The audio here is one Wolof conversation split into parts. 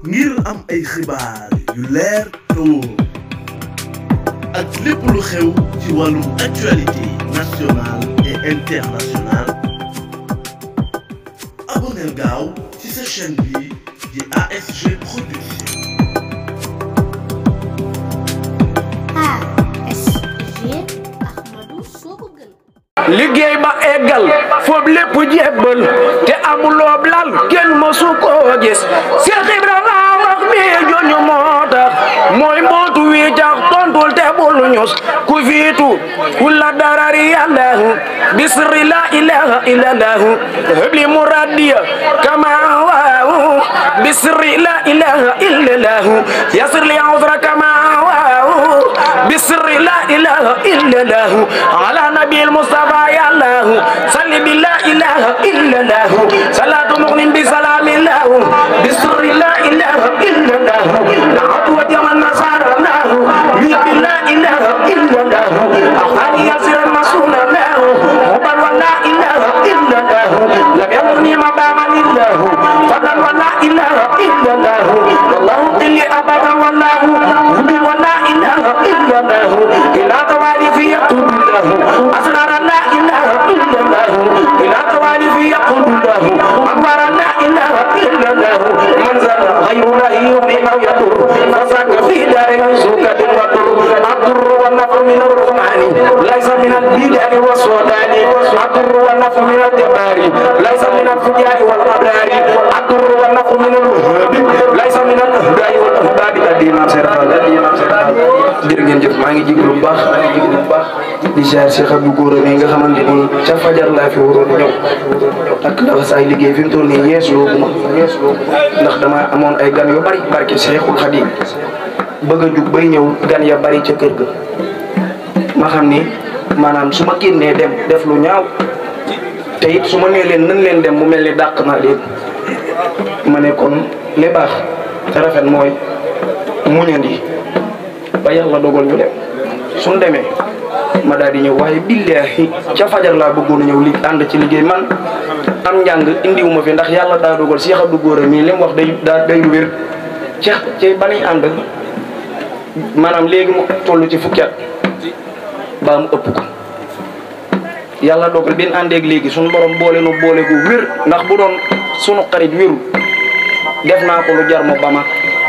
ngir am ay xibaar yu leer te wóor ak lépp lu xew ci wàllum actualité nationale et internationale aboneel gaaw ci sa chaîne bi di ASG Production liggéey ba eggal foofu lépp jébbal te amuloo lal kenn mësu koo gis kullu ñus ku fiitu kulla darari yallahu bisri la ilaha illallahu habli muradiya kama waawu bisri la ilaha illallahu yasir li usra kama waawu bisri la ilaha illallahu ala nabil mustafa yallahu salli bi la ilaha illallahu salatu muqnin bi salamillahu bisri la ziar si xam yu góor ni nga xamante ni ca fajar laa fi waroon ñëw ak saay liggéey fi mu toll nii yees loo bu ma yees ndax dama amoon ay gan yu bari barke Seexul Xadim bëgg a jug bay ñëw gan ya bari ca kër ga ma xam ni maanaam su ma génnee dem def lu ñaaw te su ma nee leen nan leen dem mu mel ni dàq na leen ma ne kon li baax te rafet mooy mu muñandi ba yàlla dogal ñu dem suñ demee ma daal di ñëw waaye billahi ca fajar laa bëggoon a ñëw li ànd ci liggéey man am njàng ma ya fi ndax yàlla daa dogal Cheikh Abdou Gora mii li mu wax day daa day wér ca ci banuy ànd maanaam léegi mu toll ci fukki at baa mu ëpp ko yàlla dogal benn àndeeg léegi suñu borom boole nu boole ko wér ndax bu doon sunu xarit def naa ko lu jar ma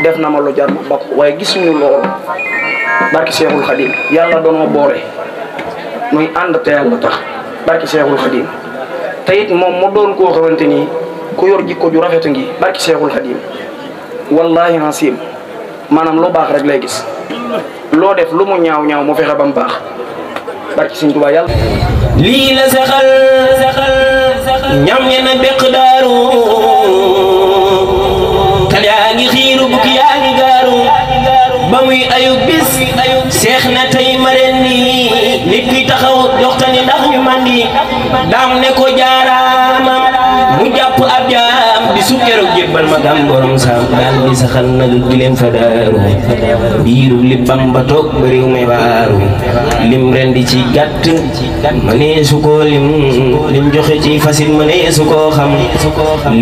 def na ma lu jar ma ba ko waaye barki Seexul Xadim yàlla doonoo boole muy ànd te yàlla tax barki Seexul Xadim te moom moo doon ko xamante nii ku yor jikko ju rafet ngi barki Seexul Xadim wallahi nasim maanaam lu baax rek lay gis loo def lu mu ñaaw ñaaw mu fexe ba mu baax barki Sëñ Tuubaa yàlla lii la saxal saxal ñam ñe ba muy ayu bis seex na tey ma ren nii nit ki taxaw joxtani ndax ñu mandi daam ne ko jaaraama mu jàpp ab jaam bi su keroog jébbal ma gam borom saam daal di saxal na lu gileem fa daaru biiru li bamba toog ba réew may waaru lim ren di ci gàtt ma nee su ko lim joxe ci fasit ma nee su xam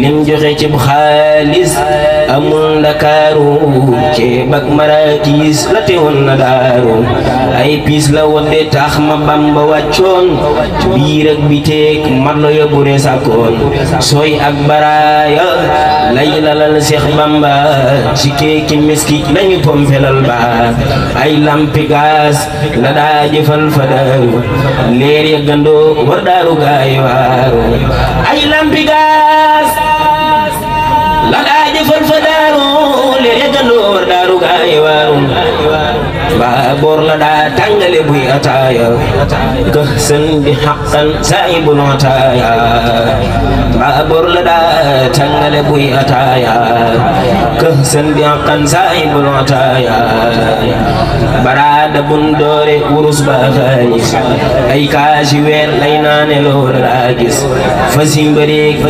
lim joxe ci xaalis amul ndakaaru ci bak marakiis la teewoon na daaru ay piis la woon de tax ma bamba wàccoon biir ak biteek marlo ya bure sàkkoon sooy ak baraaya lay seex bamba ci keeki miskik lañu pomfelal ba ay lampi gaas la daa jëfal leer ya gandoo war daaru gaay caiba ba boor la daa tàngale buy ataaya gë sën bi xaqan bu noo taaya ba boor la daa tàngale buy ataaya gë sën bi xaqan bu noo taaya baraada bun wurus ba xaalis ay kaasi weer lay naane lool laa gis fas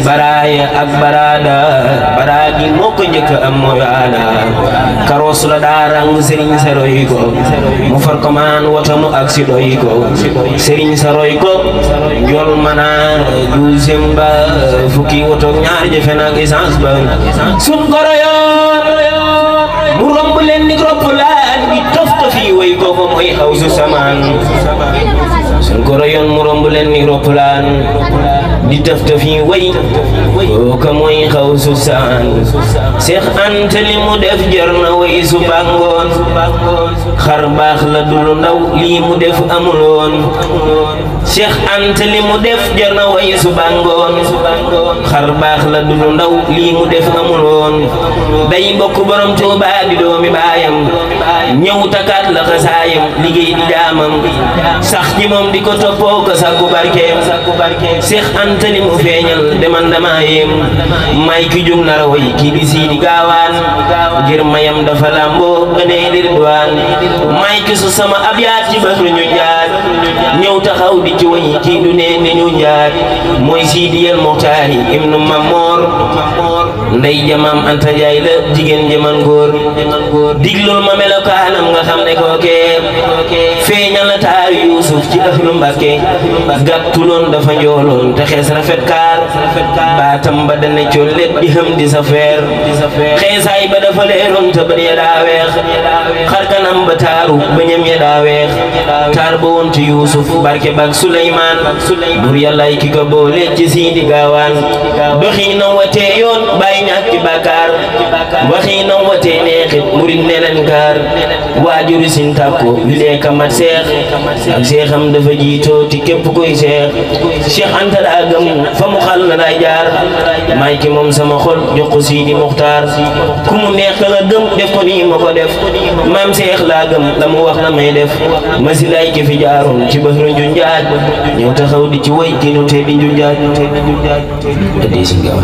baraaya ak baraada baraagi moo ko njëkk am mooy ala karoos la daa rang sëriñ sa roy mu far ko maan wota mu aksi doy ko sëriñ sa roy ko jol mana juusem ba fukki woto ñaar jëfe nak essence ba sun goro yoo mu romb leen ni roppalaan gi tof tofi way ko ko mooy xaw su samaan sun goro yoon mu romb leen ni roppalaan di tëf tëf yi wëy kooka mooy xaw su seex anta li mu def jar na wëy su bàngoon xar baax la dul ndaw lii mu def amuloon seex anta li mu def jar na wëy su bàngoon xar baax la dul ndaw lii mu def amuloon day bokk borom Tuuba di doomi baayam ñëw takaat la xasaayam liggéey di daamam sax ci moom di ko toppoo ko sàkku seex anta te li mu feeñal deman dama yem may ki jug nara way kii di siidi gaawaan ngir mayam dafa làmboo gënee dir duwaan may ki su sama ab yaat ci bëru ñu jaar ñëw taxaw di ci way kii du nee ni ñu jaar mooy siidi yel muxtaari ibnu mamoor ndey jamaam anta jaay la jigéen jaman góor diglul ma melokaanam nga xam ne kookee feeñal na taar jaar yuusuf ci ahlu mbàkke gàttuloon dafa njooloon te xees rafet kaar baatam ba dana collet di xam di sa feer xeesaay ba dafa leeroon te bët ya daa weex xarkanam ba taaru ba ñam ya daa weex taar ba woon yuusuf barke bak suleymaan bur yàllaay ki ko boole ci siidi gaawaan doxiinam watee yoon bàyyi ñàkki bàkkaar waxiinam watee neexit murit neneen kaar waajuru sin tàkko li dee seex ak seexam dafa jiitoo ci képp kuy seex Cheikh Anta daa gëm fa mu xal na day jaar may ki moom sama xol jox ko Sidi Muxtaar ku mu neex ka nga gëm def ko nii ma ko def maam seex laa gëm la mu wax na may def ma si lay ki fi jaaroon ci bëxru njunjaaj ñëw taxaw di ci way ki nu te di njunjaaj te dee si gaaw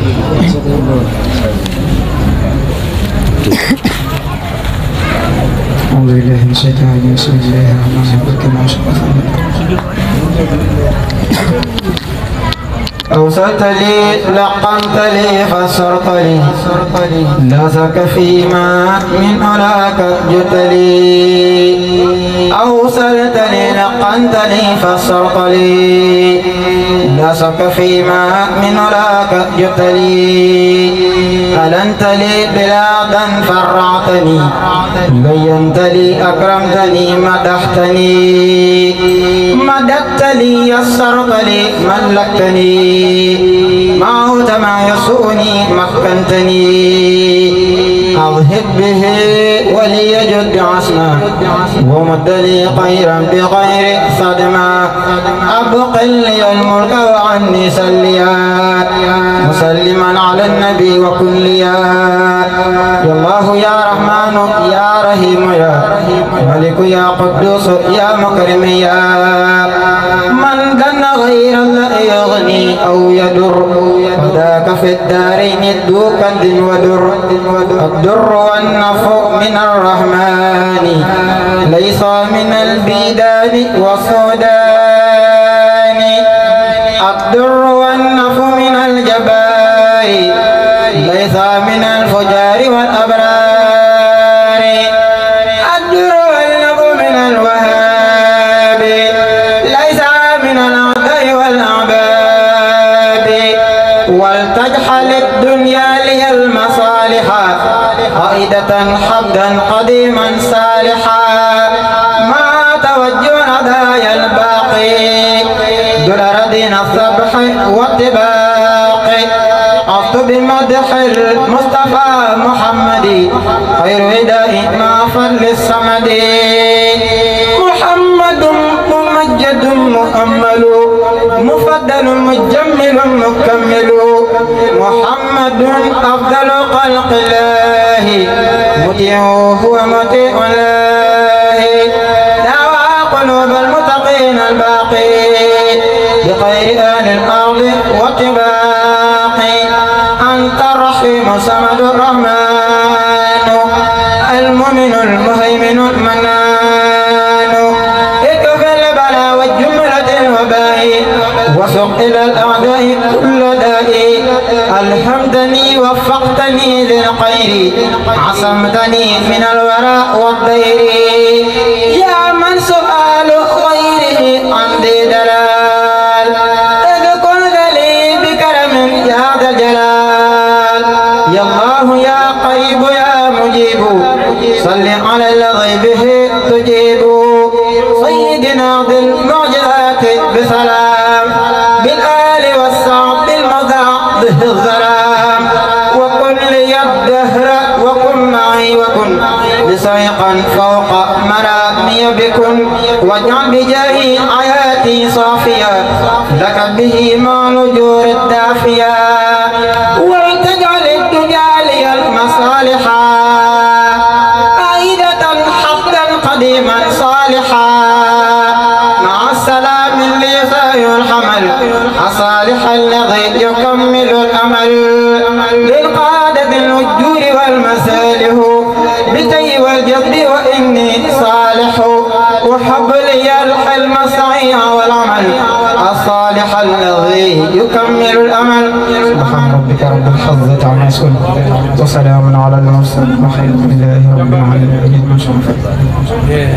أعوذ بالله من الشيطان الرجيم بسم الله الرحمن الرحيم كما شرف أوصلت لي لقمت لي فسرت لي ناسك فيما من أراك جئت لي أوصلت لي لقمت لي فسرت لي لصك فيما من ولاك جئت لي ألنت لي بلادا فرعتني بينت لي أكرمتني مدحتني مددت لي يسرت لي ملكتني ما هو ما يسوني مكنتني أظهر به وليجعل صدما ومدلي خيرا بغير صدما أبق لي الملك وعني سليا مسلما على النبي وكليا يا الله يا رحمن يا رحيم يا ملك يا قدوس يا مكرم يا من دن غير الله يغني أو يدر فذاك في الدارين ذو كد ودر الدر والنفع من الرحمن ليس من البيدان والسودان الدر حمدا قديما صالحا ما توجه هدايا الباقي دل ردينا الصبح والطباق عفت بمدح المصطفى محمد خير هداء ما فل الصمد محمد ممجد مؤمل مفضل مجمل مكمل محمد أفضل خلق الله مطيعوه ومطيع الله دعوى قلوب المتقين الباقي بخير أهل الأرض واتباقي أنت الرحيم صمد الرحمن المؤمن المهيمن المنان اكفى البلاء والجملة الوباء وسق إلى الأعداء كل داء ألهمتني وفقتني للخير عصمتني من الوراء والضير يا من سؤال خيره عندي دلال اذكر لي بكرم يا ذا الجلال يا الله يا قريب يا مجيب صل على الغيب مطلقا فوق منامي بكم واجعل بجاه آياتي صافيا لك به ما نجور الذي يكمل الأمل سبحان ربك رب الحظة عما يصفون وسلام على المرسلين والحمد لله رب العالمين